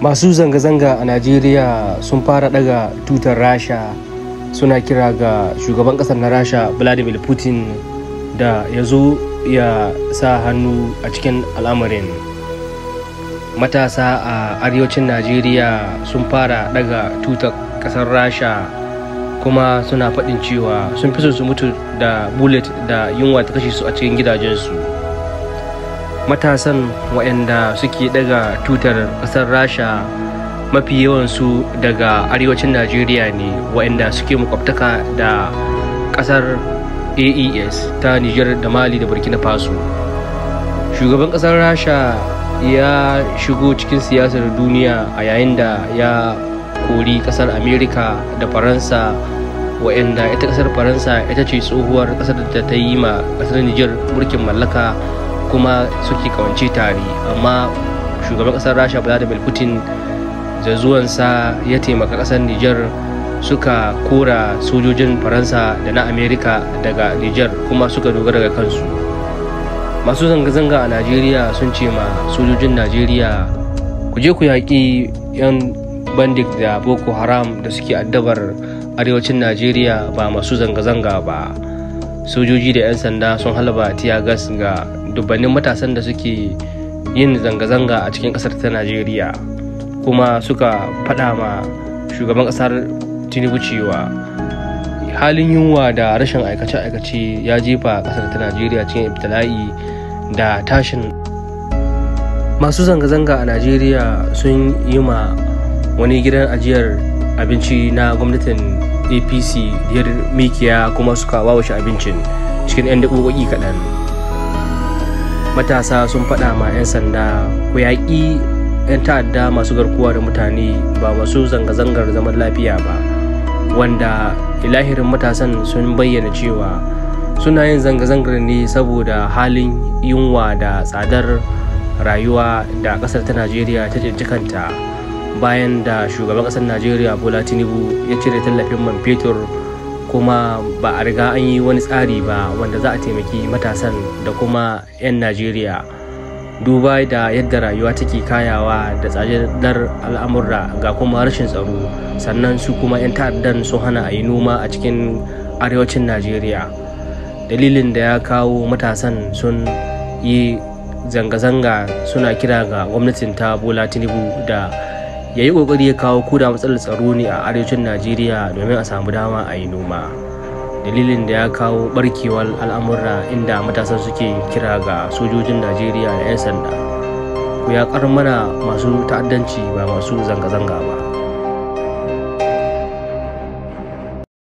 masu zanga-zanga a najeriya sun fara daga tutar rasha suna kira ga shugaban kasar na rasha vladimir putin da ya zo ya sa hannu a cikin al'amarin matasa a arewacin najeriya sun fara daga tutar kasar rasha kuma suna faɗin cewa sun fi su mutu da bullet da yunwa ta kashe su a cikin gidajensu matasan waɗanda suke daga tutar ƙasar rasha mafi yawansu daga arewacin najeriya ne waɗanda suke makwabtaka da ƙasar aes ta niger da mali da burkina faso shugaban ƙasar rasha ya shigo cikin siyasar duniya a yayin da ya kori ƙasar amerika da faransa waɗanda ita ƙasar faransa ita ce tsohuwar ƙasar da ta yi ma ƙasar niger mulkin mallaka kuma suke kawance tare amma shugaban kasar rasha vladimir putin da zuwansa ya taimaka kasar niger suka kora sojojin faransa da na amerika daga niger kuma suka dogara ga kansu masu zanga-zanga a najeriya sun ce ma sojojin najeriya ku je ku yaƙi 'yan bandit da boko haram da suke addabar arewacin najeriya ba masu zanga-zanga ba sojoji da 'yan sanda sun halaba gas ga dubbannin matasan da suke yin zanga-zanga a cikin kasar ta najeriya kuma suka faɗa ma shugaban kasar tinubu cewa halin yunwa da rashin aikace-aikace ya jefa kasar ta najeriya cikin ibtila'i da tashin masu zanga-zanga a najeriya sun yi ma wani gidan ajiyar abinci na gwamnatin apc diyar mikiya kuma suka shi abincin cikin 'yan daƙoƙi kaɗan matasa sun faɗa ma 'yan sanda ku yaƙi 'yan ta'adda masu garkuwa da mutane ba masu zanga-zangar zaman lafiya ba wanda ilahirin matasan sun bayyana cewa suna yin zanga-zangar ne saboda halin yunwa da tsadar rayuwa da ƙasar ta najeriya ta jijjikanta bayan da shugaban kasar najeriya bola tinubu ya cire tallafin man fetur kuma ba a riga an yi wani tsari ba wanda za a taimaki matasan da kuma 'yan najeriya duba da yadda rayuwa take kayawa da tsadar al'amurra ga kuma rashin tsaro sannan su kuma 'yan ta'addan sun hana a yi noma a cikin arewacin najeriya dalilin da ya kawo matasan sun yi zanga-zanga suna kira ga gwamnatin ta bola tinubu da ya yi ƙoƙari ya kawo kuda matsalar tsaro ne a arewacin najeriya domin a samu dama a yi noma dalilin da ya kawo barkewar al'amura inda matasa suke kira ga sojojin najeriya da 'yan sanda ku ya mana masu ta'addanci ba masu zanga-zanga ba